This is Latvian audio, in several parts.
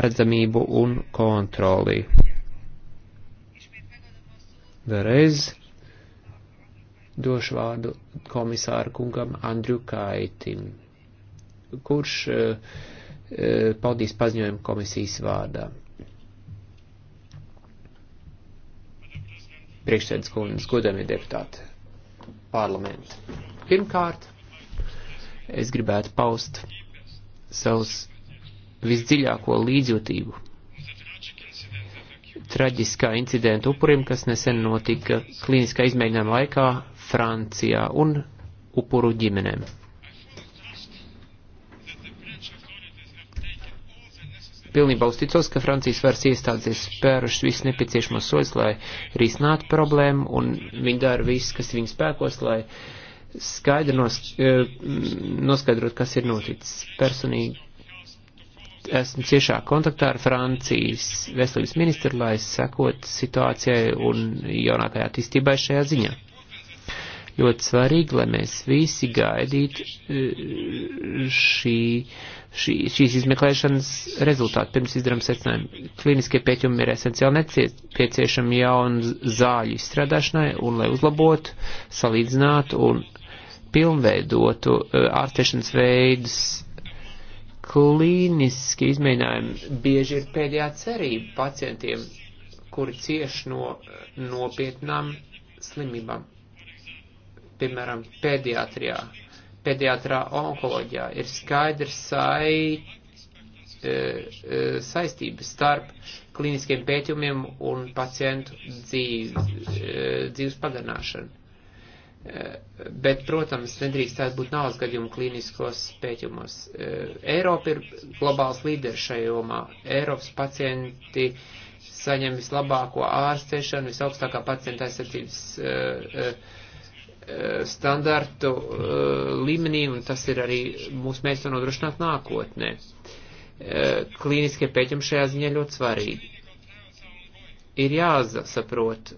redzamību un kontroli. Vēlreiz došu vārdu komisāru kungam Andriu Kaitim, kurš uh, paudīs paziņojumu komisijas vārdā. Priekšsēdus kundas, godamie deputāti, parlamenti. Pirmkārt, es gribētu paust savus visdziļāko līdzjūtību traģiskā incidenta upuriem, kas nesen notika klīniskā izmēģinājuma laikā Francijā un upuru ģimenēm. Pilnībā uzticos, ka Francijas varas iestādes ir spērušas visus nepieciešamos soļus, lai risinātu problēmu, un viņi dara visu, kas viņu spēkos, lai skaidri nos, eh, noskaidrot, kas ir noticis. Personīgi esmu ciešā kontaktā ar Francijas veselības ministru, lai sekot situācijai un jaunākajā attīstībai šajā ziņā. Ļoti svarīgi, lai mēs visi gaidītu eh, šī, šī, šīs izmeklēšanas rezultātu pirms izdarām secinājumu. Klīniskie pieķumi ir esenciāli nepieciešami jaunu zāļu izstrādāšanai un lai uzlabotu, salīdzinātu un pilnveidotu eh, ārstēšanas veidus klīniski izmēģinājumi bieži ir pēdējā cerība pacientiem, kuri cieš no nopietnām slimībām. Piemēram, pediatrijā, pediatrā onkoloģijā ir skaidrs sai, e, e, saistība starp klīniskiem pētījumiem un pacientu dzīves, e, dzīves pagarnāšanu Eh, bet, protams, nedrīkst tāds būt naudas gadījumu klīniskos pētījumos. Eh, Eiropa ir globāls līderis šajā jomā. Eiropas pacienti saņem vislabāko ārstēšanu, visaugstākā pacienta aizsardzības eh, standartu līmenī, un tas ir arī mūsu mērķis nodrošināt nākotnē. Klīniskie pētījumi šajā ziņā ļoti svarīgi ir jāsaprot,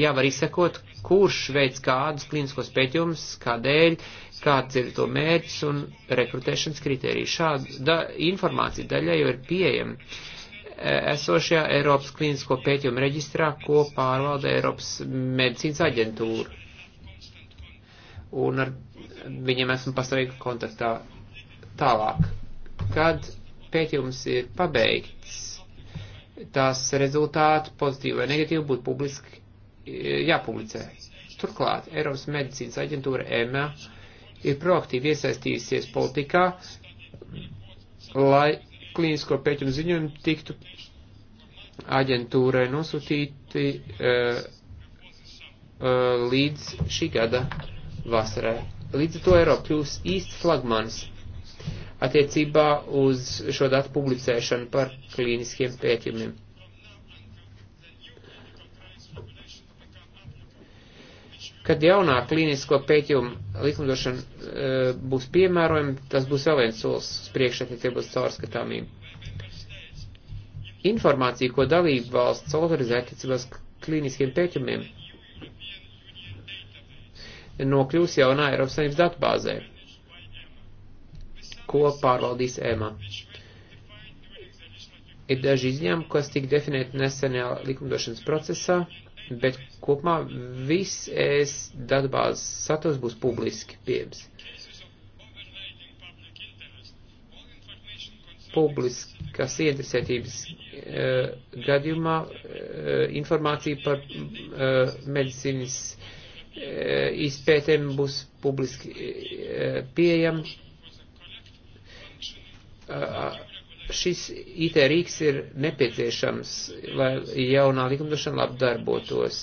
jāvar izsekot, kurš veids kādus klīniskos pētījumus, kādēļ, kāds ir to mērķis un rekrutēšanas kriteriji. Šāda da, informācija daļai jau ir pieejama esošajā Eiropas klīnisko pētījumu reģistrā, ko pārvalda Eiropas medicīnas aģentūra. Un ar viņiem esmu pastāvīgi kontaktā tālāk. Kad pētījums ir pabeigts, tās rezultāti, pozitīvi vai negatīvi, būtu publiski e, jāpublicē. Turklāt Eiropas medicīnas aģentūra EMA ir proaktīvi iesaistījusies politikā, lai klīnisko pētījumu ziņojumu tiktu aģentūrai nosūtīti uh, uh, līdz šī gada vasarai. Līdz ar to Eiropa kļūs īsts flagmans attiecībā uz šo datu publicēšanu par klīniskiem pētījumiem. Kad jaunā klīnisko pētījumu likumdošana e, būs piemērojama, tas būs vēl viens solis uz priekšu attiecībā uz caurskatāmību. Informācija, ko dalība valsts autorizē attiecībās klīniskiem pētījumiem, nokļūs jaunā Eiropas Savienības datubāzē ko pārvaldīs ēmā. E Ir daži izņēmumi, kas tika definēti nesenajā likumdošanas procesā, bet kopumā viss ES datubāzes saturs būs publiski pieejams. Publiskas ieinteresētības uh, gadījumā uh, informācija par uh, medicīnas izpētēm būs publiski pieejama Uh, uh, šis IT rīks ir nepieciešams, lai jaunā likumdošana labdarbotos.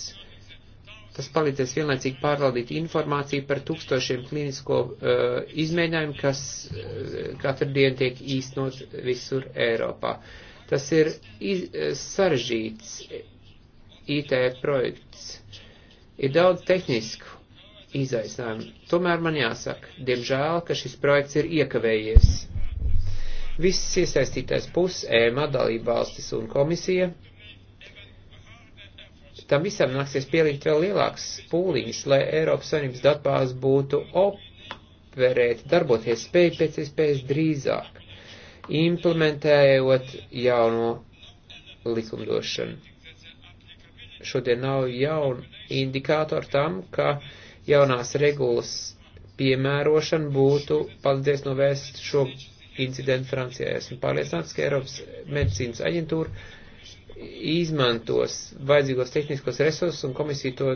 Tas palīdzēs vienlaicīgi pārvaldīt informāciju par tūkstošiem klīnisko uh, izmēģinājumu, kas uh, katru dienu tiek īstenot visur Eiropā. Tas ir iz, uh, sarežģīts IT projekts. Ir daudz tehnisku izaicinājumu. Tomēr man jāsaka, diemžēl, ka šis projekts ir iekavējies Visas iesaistītais puses, ēma, dalībvalstis un komisija. Tam visam nāksies pielikt vēl lielāks pūliņš, lai Eiropas Savienības datbāze būtu operēt, darboties spēj pēc iespējas drīzāk, implementējot jauno likumdošanu šodien nav jauna indikātori tam, ka jaunās regulas piemērošana būtu palīdzēs novērst šo incidentu Francijā. Esmu pārliecināts, ka Eiropas medicīnas aģentūra izmantos vajadzīgos tehniskos resursus un komisija to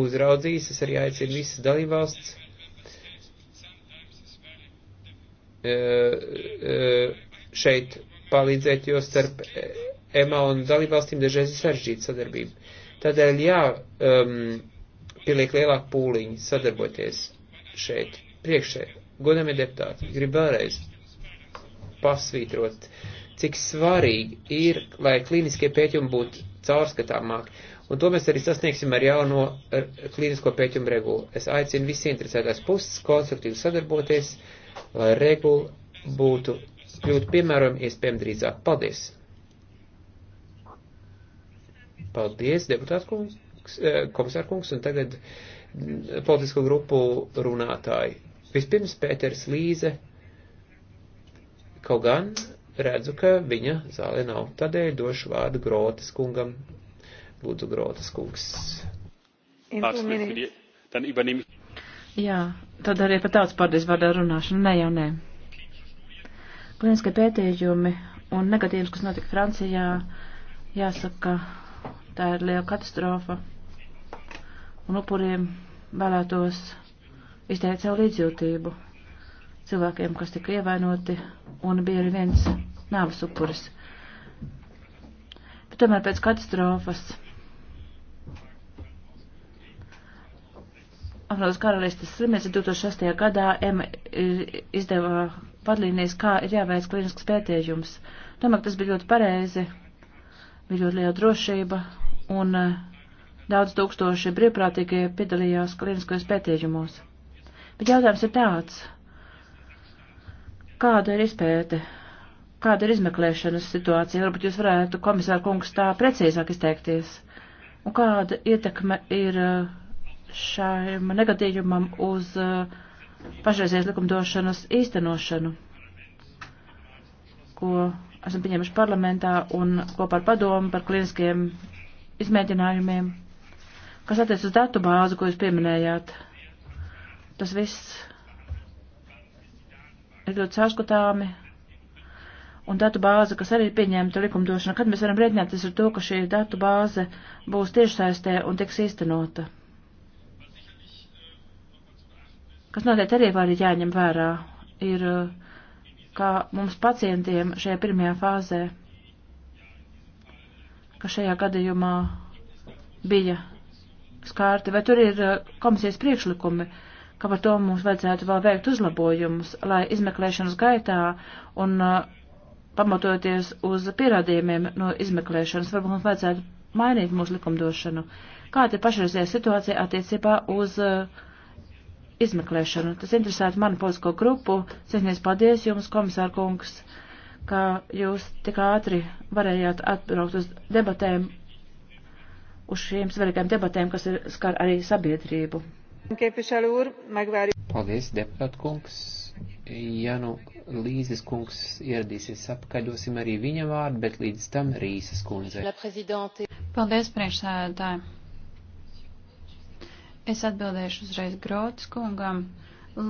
uzraudzīs. Es arī aicinu visas dalībvalsts. E, e, šeit palīdzēt, jo starp EMA un dalībvalstīm dažreiz ir sarežģīta sadarbība. Tādēļ jā, um, pieliek lielāku pūliņu sadarboties šeit, priekšē. Godamie deputāti, gribu vēlreiz pasvītrot, cik svarīgi ir, lai klīniskie pētījumi būtu caurskatāmāk. Un to mēs arī sasniegsim ar jauno klīnisko pētījumu regulu. Es aicinu visi interesētās puses konstruktīvi sadarboties, lai regula būtu kļūt piemērojami iespējami drīzāk. Paldies! Paldies, deputāts kungs, eh, komisār kungs, un tagad politisko grupu runātāji. Vispirms Pēters Līze Kaut gan redzu, ka viņa zālē nav. Tādēļ došu vārdu Grotas kungam. Lūdzu, Grotas kungs. Jā, tad arī par tāds pārdies vārdā runāšanu. Nē, jau nē. Kliniskie pētījumi un negadījums, kas notika Francijā, jāsaka, tā ir liela katastrofa. Un upuriem vēlētos izteikt savu līdzjūtību cilvēkiem, kas tika ievainoti, un bija arī viens nāvas upuris. Bet tomēr pēc katastrofas Apvienotās karalistes slimnīca 2006. gadā M izdeva vadlīnijas, kā ir jāveic klīnisks pētījums. Domāju, ka tas bija ļoti pareizi, bija ļoti liela drošība un eh, daudz tūkstoši brīvprātīgie piedalījās klīniskajos pētījumos. Bet jautājums ir tāds, Kāda ir izpēte? Kāda ir izmeklēšanas situācija? Varbūt jūs varētu, komisāra kungs, tā precīzāk izteikties. Un kāda ietekme ir eh, šajam negadījumam uz eh, pašreizies likumdošanas īstenošanu, ko esam pieņēmuši parlamentā un kopā ar padomu par kliniskiem izmēģinājumiem, kas attiec uz datu bāzi, ko jūs pieminējāt. Tas viss ir ļoti saškatāmi, un datu bāze, kas arī ir pieņemta likumdošana, kad mēs varam rēķināties ar to, ka šī datu bāze būs tiešsaistē un tiks īstenota. Kas noteikti arī var jāņem vērā, ir, kā mums pacientiem šajā pirmajā fāzē, ka šajā gadījumā bija skārti, vai tur ir eh, komisijas priekšlikumi, uh, ka par to mums vajadzētu vēl veikt uzlabojumus, lai izmeklēšanas gaitā un uh, pamatoties uz pierādījumiem no izmeklēšanas, varbūt mums vajadzētu mainīt mūsu likumdošanu. Kāda ir pašreizējā situācija attiecībā uz uh, izmeklēšanu. Tas interesētu manu politisko grupu. Sēžnieks, paldies jums, komisāra kungs, ka jūs tik ātri varējāt atbraukt uz debatēm, uz šiem svarīgiem debatēm, kas ir, skar arī sabiedrību. Paldies, deputāt kungs. Ja nu Līzes kungs ieradīsies apakaļ, dosim arī viņam vārdu, bet līdz tam Rīsas kundze. Paldies, priekšsēdētāji. Es atbildēšu uzreiz Grots kungam.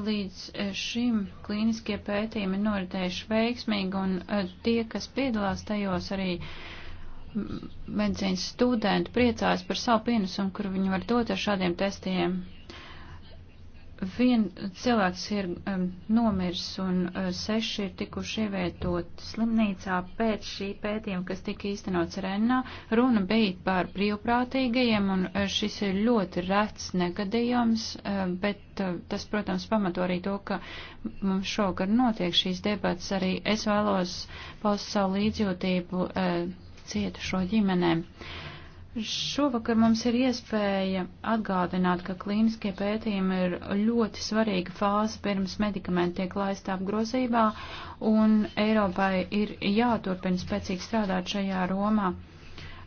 Līdz šim klīniskie pētījumi noritējuši veiksmīgi, un e, tie, kas piedalās tajos arī medicīnas studenti, priecājas par savu pienesumu, kur viņi var dot ar šādiem testiem vien cilvēks ir um, nomirs un uh, seši ir tikuši ievietot slimnīcā pēc šī pētījuma, kas tika īstenots Rennā. Runa bija par brīvprātīgajiem un uh, šis ir ļoti rets negadījums, uh, bet uh, tas, protams, pamato arī to, ka mums šogad notiek šīs debats. Arī es vēlos paust savu līdzjūtību uh, cietušo ģimenēm. Uh, Šovakar mums ir iespēja atgādināt, ka klīniskie pētījumi ir ļoti svarīga fāze pirms medikamenti tiek laistā apgrozībā, un Eiropai ir jāturpina spēcīgi strādāt šajā romā.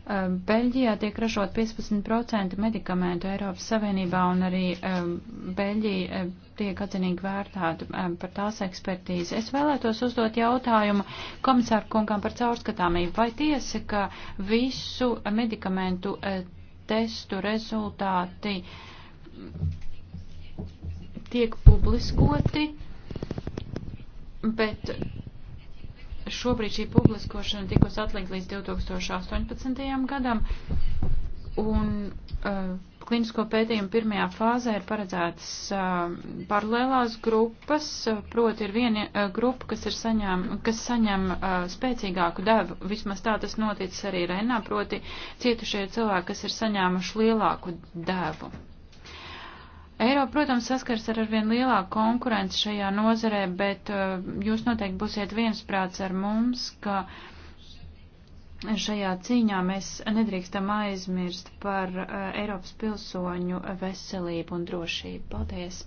Ehm, Beļģijā tiek ražot 15% medikamentu Eiropas Savienībā un arī ehm, Beļģija ehm, tiek atzinīgi vērtēta par tās ekspertīzi. Es vēlētos uzdot jautājumu komisāru kungam par caurskatāmību. Vai tiesa, ka visu medikamentu eh, testu rezultāti tiek publiskoti, bet šobrīd šī publiskošana tikus atlikt līdz 2018. gadam, un uh, klinisko pētījumu pirmajā fāzē ir paredzētas uh, paralēlās grupas, uh, proti ir viena uh, grupa, kas, ir saņem, kas saņem uh, spēcīgāku devu, vismaz tā tas noticis arī Renā, proti cietušie cilvēki, kas ir saņēmuši lielāku devu. Eiropa, protams, saskars ar arvien lielāku konkurenci šajā nozarē, bet uh, jūs noteikti būsiet viensprāts ar mums, ka šajā cīņā mēs nedrīkstam aizmirst par uh, Eiropas pilsoņu veselību un drošību. Paldies!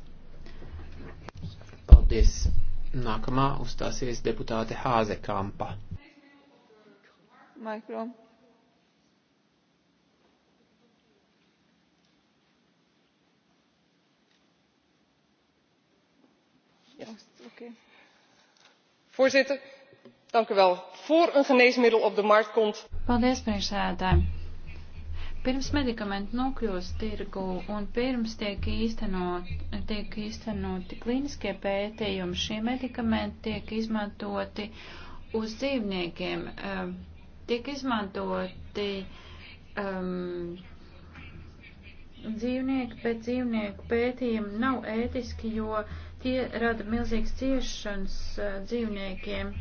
Paldies! Nākamā uzstāsies deputāte Hāze Kampa. Mikro. voorzitter voor een geneesmiddel op de markt komt. paldies priekšsēdētājiem. Pirms medikamenti nokļūst tirgu un pirms tiek, īstenot, tiek īstenoti klīniskie pētījumi, šie medikamenti tiek izmantoti uz dzīvniekiem, ehm, tiek izmantoti um, dzīvnieki, bet dzīvnieku pētījumi nav ētiski, jo uh, Tie rada milzīgas ciešanas dzīvniekiem.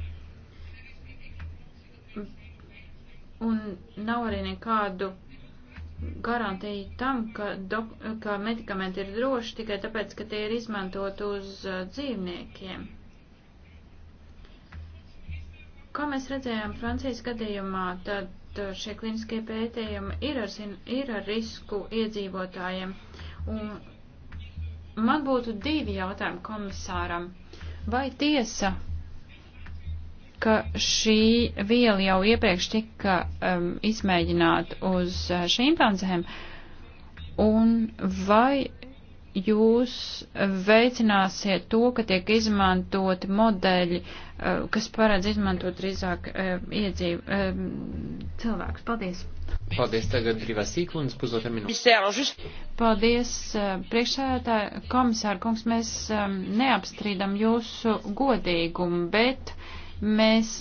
Un nav arī nekādu garantiju tam, ka, dok, ka medikamenti ir droši tikai tāpēc, ka tie ir izmantot uz dzīvniekiem. Kā mēs redzējām Francijas gadījumā, tad šie kliniskie pētījumi ir ar, ir ar risku iedzīvotājiem. Un Man būtu divi jautājumi komisāram. Vai tiesa, ka šī viela jau iepriekš tika um, izmēģināta uz uh, šīmpanzēm? Un vai jūs veicināsiet to, ka tiek izmantoti modeļi, uh, kas paredz izmantot drīzāk uh, iedzīvu um, cilvēkus. Paldies! Paldies, tagad brīvās sīklunas, pusotra minūte. Paldies, eh, priekšsēdētāji, komisāri, kungs, mēs eh, neapstrīdam jūsu godīgumu, bet mēs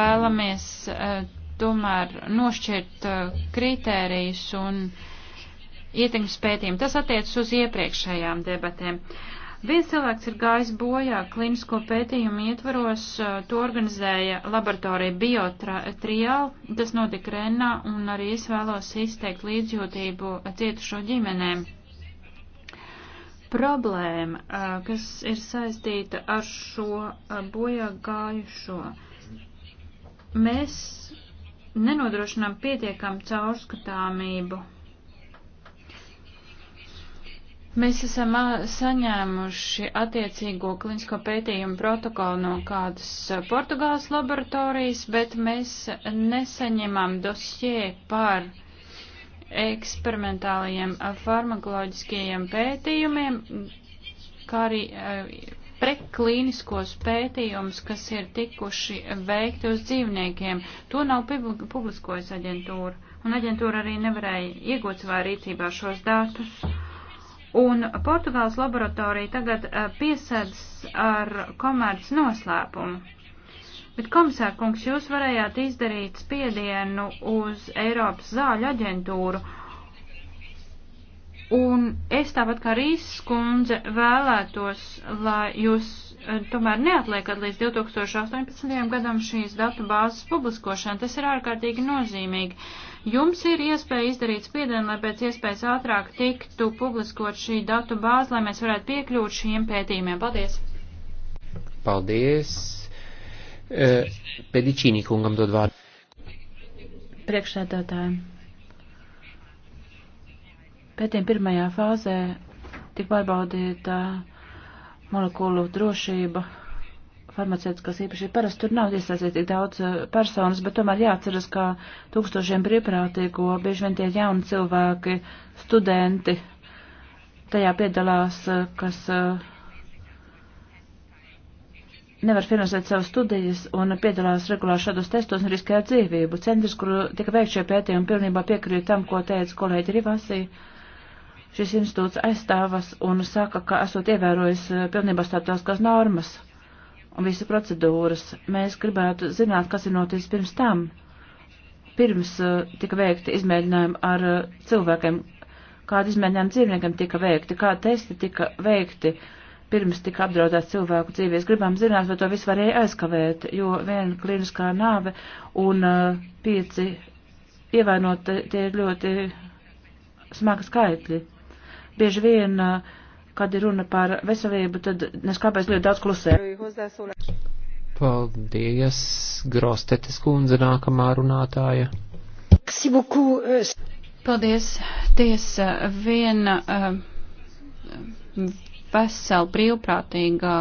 vēlamies eh, tomēr nošķirt kritērijus un ietekmes pētījumu. Tas attiec uz iepriekšējām debatēm. Uh, Viens cilvēks ir gājis bojā klinisko pētījumu ietvaros, to organizēja laboratorija Biotrial, tas notika Renā, un arī es vēlos izteikt līdzjūtību cietušo ģimenēm problēma, kas ir saistīta ar šo bojā gājušo. Mēs nenodrošinām pietiekam caurskatāmību Mēs esam saņēmuši attiecīgo klinisko pētījumu protokolu no kādas Portugāles laboratorijas, bet mēs nesaņemam dosjē par eksperimentālajiem farmakoloģiskajiem pētījumiem, kā arī preklīniskos pētījumus, kas ir tikuši veikti uz dzīvniekiem. To nav publiskojas aģentūra, un aģentūra arī nevarēja iegūt savā rīcībā šos datus. Un Portugāles laboratorija tagad eh, piesedz ar komerc noslēpumu. Bet, komisārkungs, jūs varējāt izdarīt spiedienu uz Eiropas zāļu aģentūru Un es tāpat kā Rīsas kundze vēlētos, lai jūs eh, tomēr neatliekat līdz 2018. gadam šīs datu bāzes publiskošana. Tas ir ārkārtīgi nozīmīgi. Jums ir iespēja izdarīt spiedienu, lai pēc iespējas ātrāk tiktu publiskot šī datu bāze, lai mēs varētu piekļūt šiem pētījumiem. Paldies! Paldies! Eh, Pedičīnī kungam dod vārdu. Priekšsēdētājiem. Pētījuma pirmajā fāzē tika pārbaudīta molekulu drošība, farmaceitiskās īpašības. Parasti tur nav iesaistīts tik daudz eh, personas, bet tomēr jāatceras, ka tūkstošiem brīvprātīgo, bieži vien tie jauni cilvēki, studenti, tajā piedalās, eh, kas eh, nevar finansēt savas studijas un piedalās regulāri šādos testos un riskē dzīvību. Centrs, kur tika veikt šie pētījumi, pilnībā piekrīt tam, ko teica kolēģi Rivasī. Uh, šis institūts aizstāvas un saka, ka esot ievērojis eh, pilnībā starptautiskās normas un visu procedūras. Mēs gribētu zināt, kas ir noticis pirms tam. Pirms eh, tika veikti izmēģinājumi ar eh, cilvēkiem, kādi izmēģinājumi dzīvniekiem tika veikti, kādi testi tika veikti, pirms tika apdraudēts cilvēku dzīvies. Gribam zināt, vai to visu varēja aizkavēt, jo viena kliniskā nāve un pieci ievainoti tie ir ļoti smagi skaitļi. Bieži vien, eh, kad ir runa par veselību, tad neskāpēs ļoti daudz klusē. Paldies, Grostetes kundze, nākamā runātāja. Eh. Paldies, tiesa, eh, viena vesela brīvprātīgā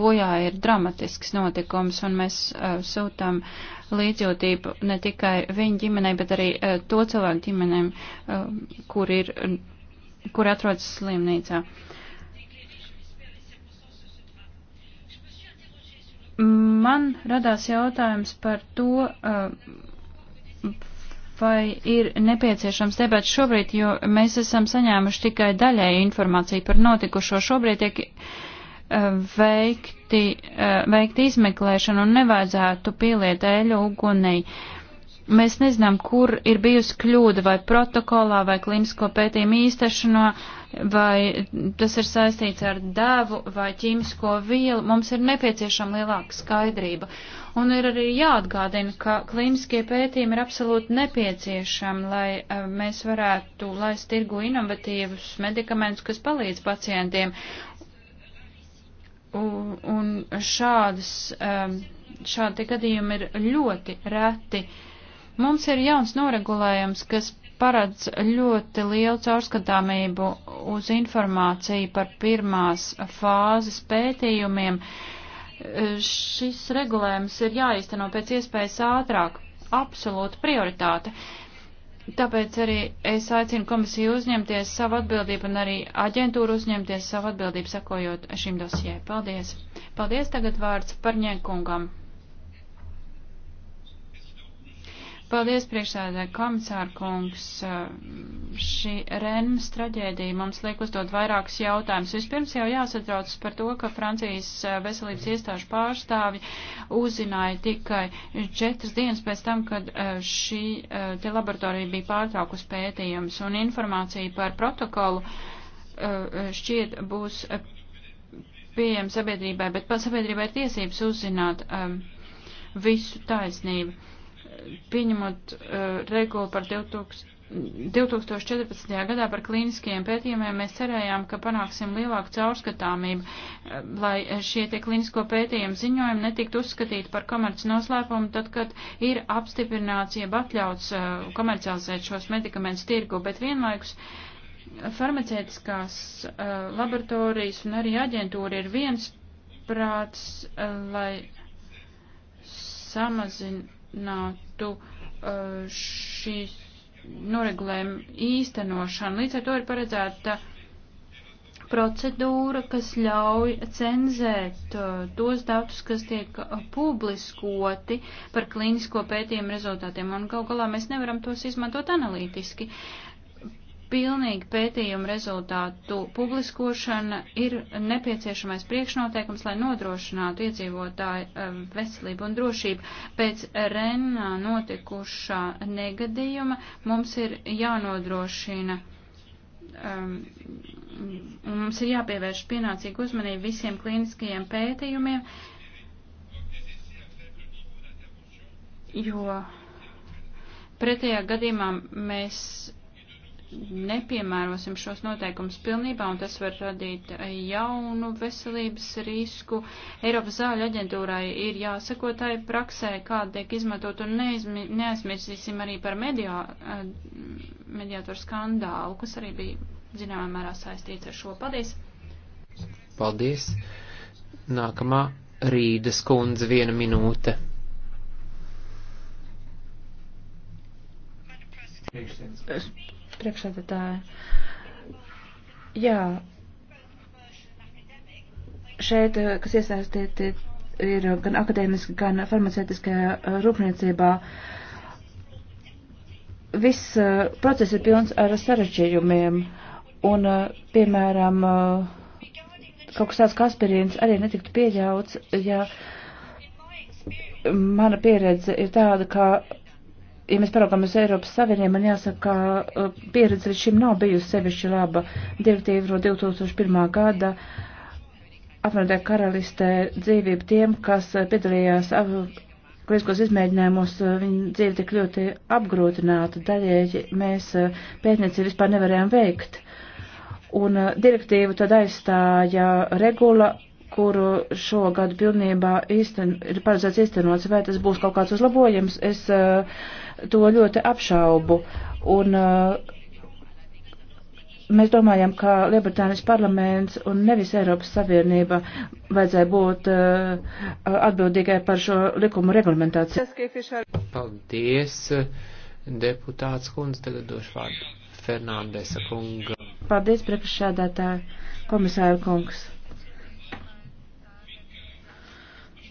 bojā ir dramatisks notikums, un mēs sūtām līdzjūtību ne tikai viņa ģimenei, bet arī to cilvēku ģimenēm, kur ir kur atrodas slimnīcā. Man radās jautājums par to, uh, vai ir nepieciešams debats šobrīd, jo mēs esam saņēmuši tikai daļēju informāciju par notikušo. Šobrīd tiek uh, veikti, uh, veikti izmeklēšana un nevajadzētu pieliet eļu ugunī. Uh, Mēs nezinām, kur ir bijusi kļūda vai protokolā vai klīnisko pētījumu īstešanā, vai tas ir saistīts ar dēvu vai ķīmisko vielu. Mums ir nepieciešama lielāka skaidrība. Un ir arī jāatgādina, ka klīniskie pētījumi ir absolūti nepieciešami, lai eh, mēs varētu laist tirgu inovatīvus medikamentus, kas palīdz pacientiem. Un, un šādas, eh, šādi gadījumi ir ļoti reti. Mums ir jauns noregulējums, kas paredz ļoti lielu caurskatāmību uz informāciju par pirmās fāzes pētījumiem. Šis regulējums ir jāīsteno pēc iespējas ātrāk, absolūta prioritāte. Tāpēc arī es aicinu komisiju uzņemties savu atbildību un arī aģentūru uzņemties savu atbildību sakojot šim dosijai. Paldies! Paldies tagad vārds par ņēkungam! Paldies, priekšsēdē, komisāra kungs. Šī Rennes traģēdija mums liek uzdot vairākus jautājumus. Vispirms jau jāsatrauc par to, ka Francijas veselības iestāžu pārstāvi uzzināja tikai četras dienas pēc tam, kad e, šī e, te laboratorija bija pārtraukus pētījums un informācija par protokolu e, šķiet būs pieejama sabiedrībai, bet pat sabiedrībai ir tiesības uzzināt visu taisnību pieņemot uh, regulu par 2000. 2014. gadā par klīniskajiem pētījumiem mēs cerējām, ka panāksim lielāku caurskatāmību, eh, lai šie tie klīnisko pētījumu ziņojumi netiktu uzskatīti par komerci noslēpumu, tad, kad ir apstiprināts, jeb atļauts eh, komercializēt šos medikamentus tirgu, bet vienlaikus farmacētiskās laboratorijas un arī aģentūra ir viens prāts, lai samazinātu būtu uh, šīs noregulējuma īstenošana. Līdz ar to ir paredzēta procedūra, kas ļauj cenzēt uh, tos datus, kas tiek publiskoti par klīnisko pētījumu rezultātiem, un gal galā mēs nevaram tos izmantot analītiski. Uh, pilnīgi pētījuma rezultātu publiskošana ir nepieciešamais priekšnoteikums, lai nodrošinātu iedzīvotāju um, veselību un drošību. Pēc Renā notikušā negadījuma mums ir jānodrošina. Um, mums ir jāpievērš pienācīgu uzmanību visiem klīniskajiem pētījumiem, jo pretējā gadījumā mēs nepiemērosim šos noteikumus pilnībā, un tas var radīt jaunu veselības risku. Eiropas zāļu aģentūrai ir jāsako tai praksē, kāda tiek izmantot, un neizmi, neaizmirsīsim arī par mediā, eh, mediātoru skandālu, kas arī bija zināmā mērā saistīts ar šo. Paldies! Paldies! Nākamā rīdas kundze viena minūte. Priekšsēdētājs priekšsēdētāji. Jā, šeit, eh, kas iesaistīt, ir gan akadēmiski, gan farmaceitiskajā eh, rūpniecībā. Viss eh, process ir pilns ar sarežģījumiem, un, piemēram, kaut kas tāds kā aspirīns arī netiktu pieļauts, ja mana pieredze ir tāda, ka ja mēs paraugamies Eiropas Savienību, man jāsaka, ka uh, pieredze līdz šim nav bijusi sevišķi laba. Direktīva no 2001. gada apvienotā karalistē dzīvību tiem, kas uh, piedalījās klīskos izmēģinājumus, uh, viņa dzīve tik ļoti apgrūtināta, daļēji mēs pētniecību vispār nevarējām veikt. Un direktīvu tad aizstāja regula, kuru šogad pilnībā īsten, ir paredzēts īstenots, vai tas būs kaut kāds uzlabojums. Es uh, to ļoti apšaubu. Un, uh, mēs domājam, ka Lielbritānijas parlaments un nevis Eiropas Savienība vajadzēja būt uh, atbildīgai par šo likumu reglamentāciju. Paldies, deputāts kundze, tagad došu vārdu Fernandesa kunga. Paldies, priekšsēdētāji, komisāra kungs.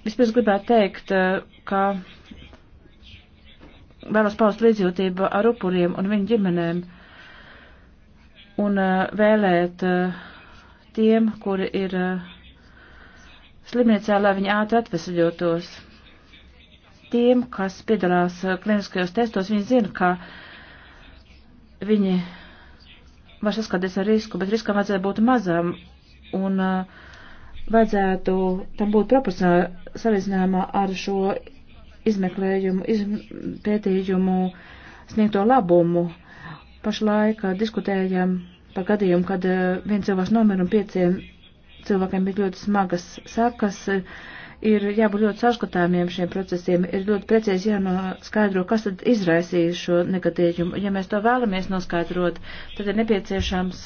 Vispirms gribētu teikt, uh, ka. Uh, vēlas paust līdzjūtību ar upuriem un viņu ģimenēm un eh, vēlēt eh, tiem, kuri ir eh, slimnīcā, lai viņi ātri atvesaļotos. Tiem, kas piedalās kliniskajos testos, viņi zina, ka viņi var saskaties ar risku, bet riskam vajadzētu būt mazam un vajadzētu tam būt proporcionāli salīdzinājumā ar šo izmeklējumu, iz, pētījumu sniegto labumu. Pašlaik uh, diskutējam par gadījumu, kad uh, viens cilvēks nomira un pieciem cilvēkiem bija ļoti smagas sakas. Ir jābūt ļoti saskatāmiem šiem procesiem, ir ļoti precīzi jānoskaidro, kas tad izraisīja šo negadījumu. Ja mēs to vēlamies noskaidrot, tad ir nepieciešams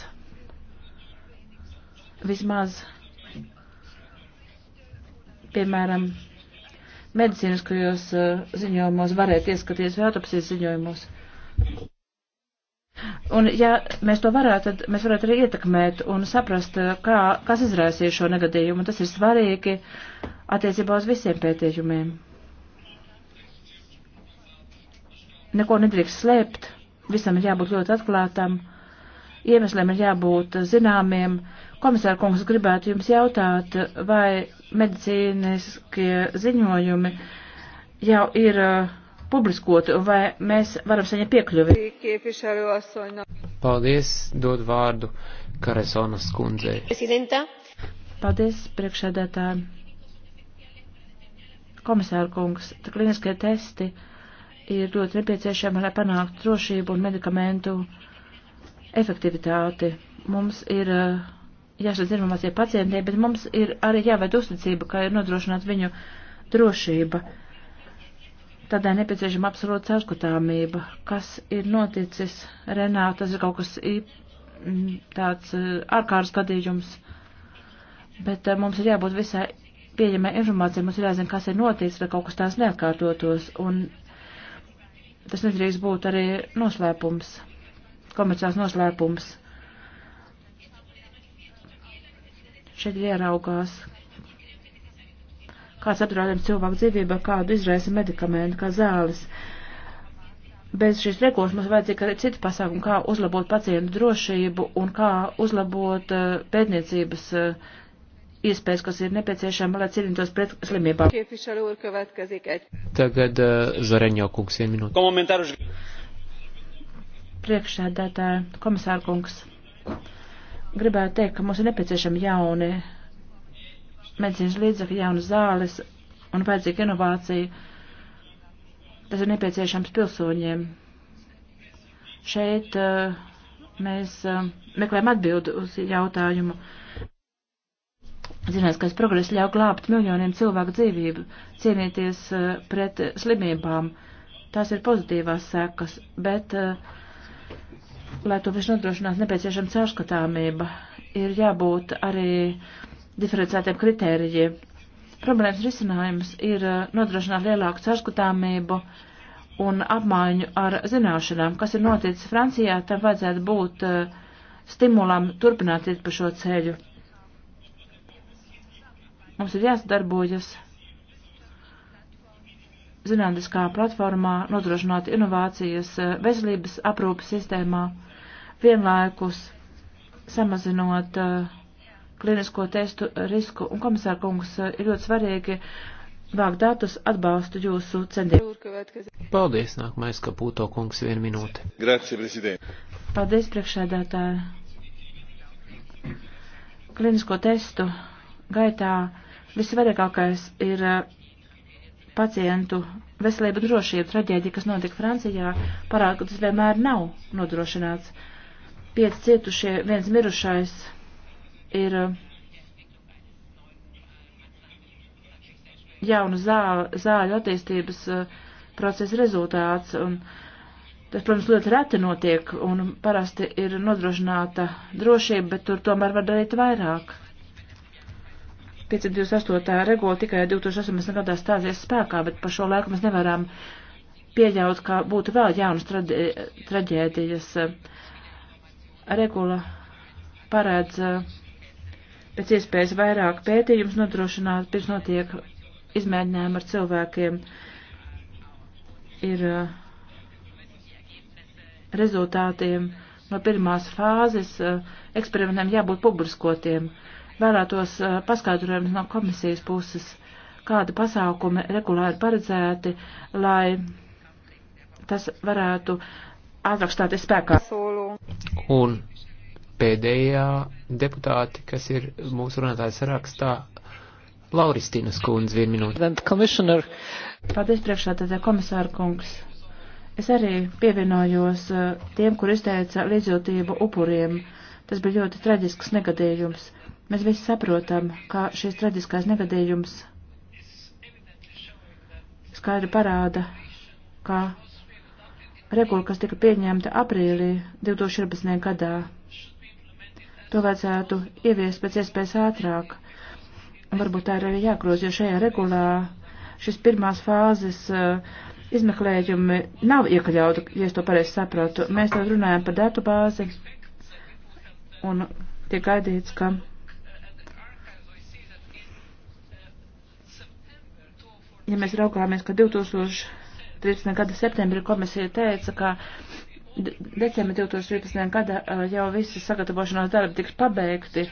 vismaz, piemēram, medicīniskajos eh, ziņojumos varēt ieskaties vai autopsijas ziņojumos. Un, ja mēs to varētu, tad mēs varētu arī ietekmēt un saprast, eh, kā, kas izraisīja šo negadījumu. Tas ir svarīgi attiecībā uz visiem pētījumiem. Neko nedrīkst slēpt, visam ir jābūt ļoti atklātam iemesliem ir jābūt zināmiem. Komisāra kungs gribētu jums jautāt, vai medicīniskie ziņojumi jau ir uh, publiskoti, vai mēs varam saņemt piekļuvi. Paldies, dod vārdu Karesonas kundzei. Paldies, priekšsēdētāji. Komisāra kungs, kliniskie testi ir ļoti nepieciešami, lai panāktu drošību un medikamentu uh, efektivitāti. Mums ir eh, jāšķiet zināmāsie pacientiem, bet mums ir arī jāved uzticība, ka ir nodrošināta viņu drošība. Tādēļ nepieciešama absolūta caurskatāmība, kas ir noticis Renāta, tas ir kaut kas tāds eh, ārkārtas gadījums, bet eh, mums ir jābūt visai pieņemē informācija, mums ir jāzina, kas ir noticis, lai kaut kas tās neatkārtotos, un tas nedrīkst būt arī noslēpums komerciāls noslēpums. Šeit ir jāraugās, kāds apdraudējums cilvēku dzīvībai, kādu izraisa medikamenti, kā zāles. Bez šīs regulas mums vajadzīga arī cita pasākuma, kā uzlabot pacientu drošību un kā uzlabot eh, pētniecības eh, iespējas, kas ir nepieciešama, lai cīnītos pret slimībām. Tagad uh, eh, Zareņo kungs, vien minūte priekšsēdētāja komisārkungs. Gribētu teikt, ka mums ir nepieciešami jauni medicīnas līdzekļi, jaunas zāles un vajadzīga inovācija. Tas ir nepieciešams pilsoņiem. Šeit uh, mēs uh, meklējam atbildi uz jautājumu. Zinātniskais progress ļauj glābt miljoniem cilvēku dzīvību, cīnīties uh, pret slimībām. Tās ir pozitīvās sekas, bet uh, lai to visu nodrošinātu, nepieciešama caurskatāmība. Ir jābūt arī diferencētiem kritērijiem. Problēmas risinājums ir eh, nodrošināt lielāku caurskatāmību un apmaiņu ar zināšanām, kas ir noticis Francijā, tam vajadzētu būt eh, stimulam turpināt iet pa šo ceļu. Mums ir jāsadarbojas zinātniskā platformā, nodrošināt inovācijas eh, veselības aprūpas sistēmā vienlaikus samazinot eh, klinisko testu risku. Un komisāra kungs eh, ir ļoti svarīgi vākt datus atbalstu jūsu centieniem. Paldies, nākamais, ka Pūto kungs vienu minūti. Grazie, prezident. Paldies, priekšsēdētāji. Klinisko testu gaitā vissvarīgākais ir eh, pacientu veselība drošība. Traģēdija, kas notika Francijā, parāda, ka tas vienmēr nav nodrošināts. 5 cietušie, viens mirušais ir uh, jaunu zāļu, zāļu attīstības uh, procesa rezultāts. Un tas, protams, ļoti reti notiek un parasti ir nodrošināta drošība, bet tur tomēr var darīt vairāk. 528. regula tikai 2018. gadā stāsies spēkā, bet par šo laiku mēs nevaram pieļaut, ka būtu vēl jaunas traģēdijas. Tradi regula paredz eh, pēc iespējas vairāk pētījums nodrošināt, pirms notiek izmēģinājumi ar cilvēkiem. Ir eh, rezultātiem no pirmās fāzes eh, eksperimentiem jābūt publiskotiem. Vēlētos paskaidrojumus no komisijas puses, kādi pasākumi regulāri paredzēti, lai tas varētu uh, atrakstāties spēkā. Un pēdējā deputāti, kas ir mūsu runātājs rakstā, Lauristīnas kundze, vienu minūti. Paldies, priekšsētātā komisāra kungs. Es arī pievienojos eh, tiem, kur izteica līdzjūtību upuriem. Tas bija ļoti traģisks negadījums. Mēs visi saprotam, ka šis traģiskais negadījums skaidri parāda, ka regula, kas tika pieņemta aprīlī 2014. gadā. To vajadzētu ieviest pēc iespējas ātrāk. Varbūt tā ir arī jāgroz, jo šajā regulā šis pirmās fāzes uh, izmeklējumi nav iekļauti, ja es to pareizi sapratu. Mēs tad runājam par datu bāzi un tiek gaidīts, ka. Ja mēs raugāmies, ka 2000. 2013. gada septembrī komisija teica, ka decembrī 2013. gada uh, jau visi sagatavošanās darbi tiks pabeigti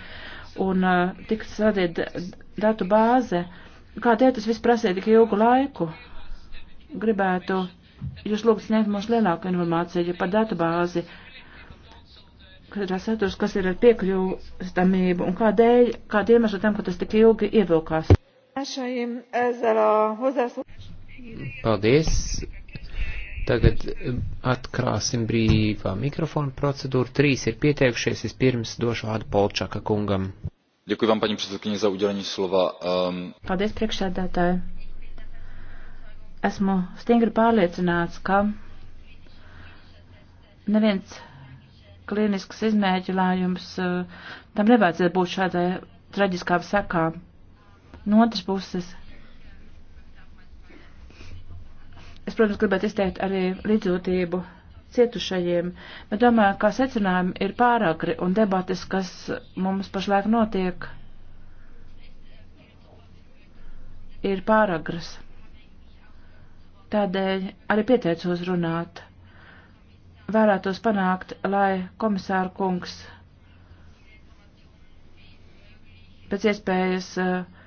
un uh, tiks radīta datu bāze. Kādēļ tas viss prasīja tik ilgu laiku? Gribētu jūs lūgt sniegt mums lielāku informāciju par datu bāzi, kas saturs, kas ir ar piekļūstamību un kādēļ, kāda iemesla tam, ka tas tik ilgi ievilkās. Paldies! Tagad um, atklāsim brīvā mikrofona procedūru. Trīs ir pieteikušies. Vispirms došu vārdu Polčaka kungam. Děkuji vám, paní předsedkyně, za udělení slova. Um... Paldies, priekšsēdētāji. Esmu stingri pārliecināts, ka neviens klīnisks izmēģinājums uh, tam nevajadzētu būt šādai traģiskām sekām. No otras puses, Es, protams, gribētu izteikt arī līdzjūtību cietušajiem, bet domāju, ka secinājumi ir pāragri un debates, kas mums pašlaik notiek, ir pāragras. Tādēļ arī pieteicos runāt. Vērētos panākt, lai komisāra kungs pēc iespējas uh,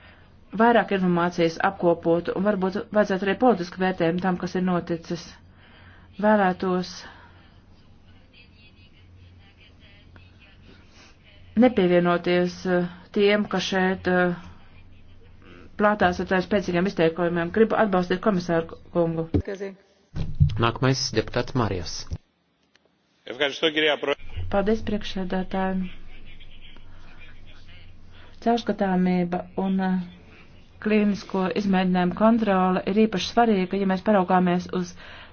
vairāk informācijas apkopotu un varbūt vajadzētu arī politisku vērtējumu tam, kas ir noticis. Vēlētos nepievienoties eh, tiem, kas šeit eh, plātās ar tādiem spēcīgiem izteikumiem. Gribu atbalstīt komisāru kungu. Nākamais deputāts Marijas. Paldies priekšsēdētājiem. Caurskatāmība un uh, klīnisko izmēģinājumu kontrole ir īpaši svarīga, ja mēs paraugāmies uz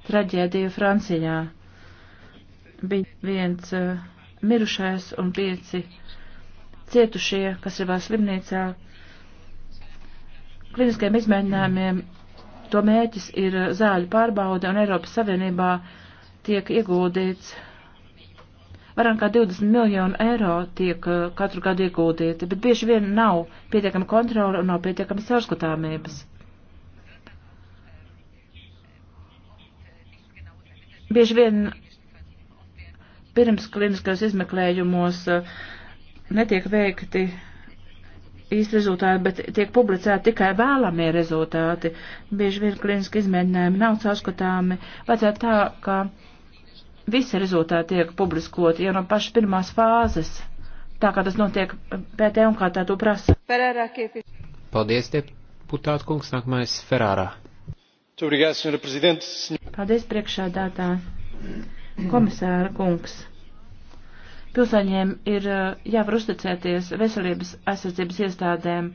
traģēdiju Francijā. Bija viens uh, mirušais un pieci cietušie, kas ir vēl slimnīcā. Kliniskajiem izmēģinājumiem to mēķis ir eh, zāļu pārbauda un Eiropas Savienībā tiek ieguldīts varam kā 20 miljonu eiro tiek eh, katru gadu iegūtīti, bet bieži vien nav pietiekama kontrola un nav pietiekama sārskatāmības. Bieži vien pirms kliniskajos izmeklējumos eh, netiek veikti īsti rezultāti, bet tiek publicēti tikai vēlamie rezultāti. Bieži vien kliniski izmēģinājumi nav caurskatāmi. Vajadzētu tā, ka Visi rezultāti tiek publiskoti jau no pašas pirmās fāzes, tā kā tas notiek PT un kā tā to prasa. Paldies, deputāta kungs, nākamais Ferārā. Paldies, priekšādātā. Komisāra kungs. Pilsēņiem ir eh, jāvar uzticēties veselības aizsardzības iestādēm,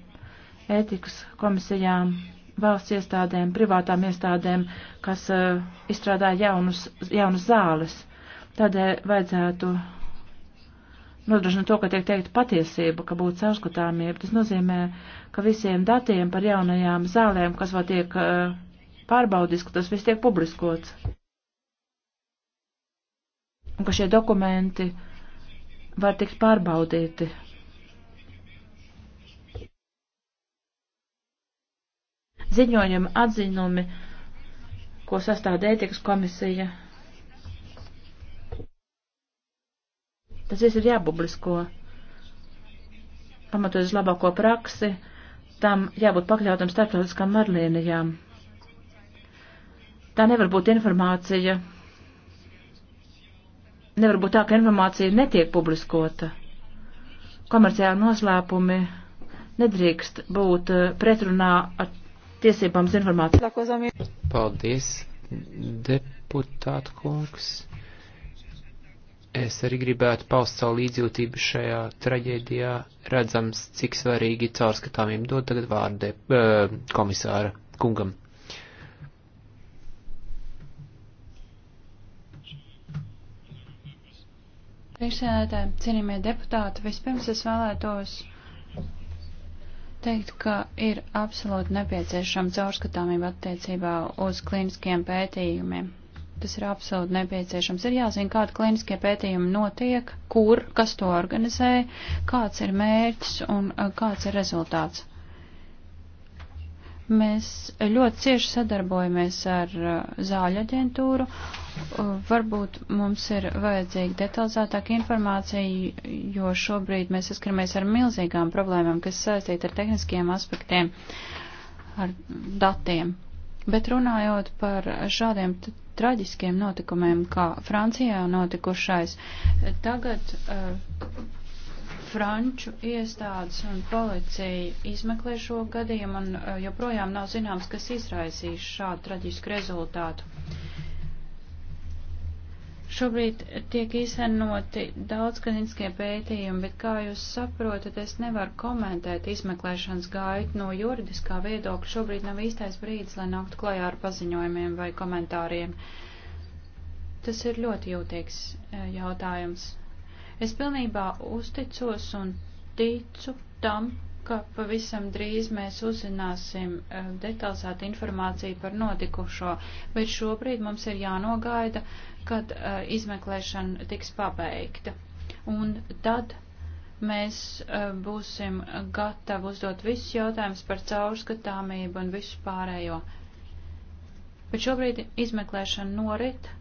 ētikas komisijām, valsts iestādēm, privātām iestādēm, kas uh, izstrādā jaunus, jaunas zāles. Tādēļ vajadzētu nodrošināt to, ka tiek teikt patiesība, ka būtu caurskatāmība. Tas nozīmē, ka visiem datiem par jaunajām zālēm, kas vēl tiek uh, pārbaudīts, ka tas viss tiek publiskots. Un ka šie dokumenti var tikt pārbaudīti ziņojumi, atziņumi, ko sastāda ētikas komisija. Tas viss ir jāpublisko, pamatojas labāko praksi, tam jābūt pakļautam starptautiskām marlīnijām. Tā nevar būt informācija. Nevar būt tā, ka informācija netiek publiskota. Komerciāli noslēpumi nedrīkst būt eh, pretrunā ar tiesībām uz informāciju. Paldies, deputāta kungs. Es arī gribētu paust savu līdzjūtību šajā traģēdijā, redzams, cik svarīgi caurskatāmība dod tagad vārde eh, komisāra kungam. Priekšsēdētāji, cienījamie deputāti, vispirms es vēlētos teikt, ka ir absolūti nepieciešama caurskatāmība attiecībā uz klīniskiem pētījumiem. Tas ir absolūti nepieciešams. Ir jāzina, kāda klīniskie pētījumi notiek, kur, kas to organizē, kāds ir mērķis un kāds ir rezultāts. Mēs ļoti cieši sadarbojamies ar uh, zāļu aģentūru. Uh, varbūt mums ir vajadzīga detalizētāka informācija, jo šobrīd mēs saskaramies ar milzīgām problēmām, kas saistīta ar tehniskiem aspektiem, ar datiem. Bet runājot par šādiem traģiskiem notikumiem, kā Francijā notikušais, tagad. Uh, Franču iestādes un policija izmeklē šo gadījumu un eh, joprojām nav zināms, kas izraisīs šādu traģisku rezultātu. Šobrīd tiek izsenoti daudz klininiskie pētījumi, bet kā jūs saprotat, es nevaru komentēt izmeklēšanas gaitu no juridiskā viedokļa. Šobrīd nav īstais brīdis, lai nāktu klajā ar paziņojumiem vai komentāriem. Tas ir ļoti jūtīgs eh, jautājums. Es pilnībā uzticos un ticu tam, ka pavisam drīz mēs uzzināsim eh, detalizētu informāciju par notikušo, bet šobrīd mums ir jānogaida, kad eh, izmeklēšana tiks pabeigta. Un tad mēs eh, būsim gatavi uzdot visus jautājumus par caurskatāmību un visu pārējo. Bet šobrīd izmeklēšana norit,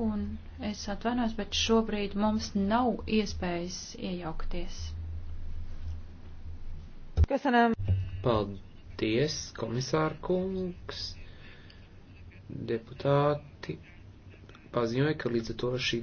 Un es atvainojos, bet šobrīd mums nav iespējas iejaukties. Köszönöm. Paldies, komisāra kungs. Deputāti paziņoja, ka līdz ar to šī